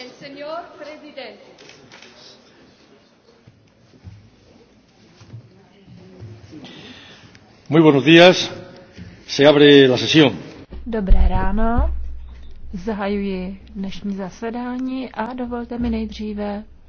el señor presidente. Muy buenos días. Se abre la sesión. Dobré ráno. Zahajuji dnešní zasedání a dovolte mi nejdříve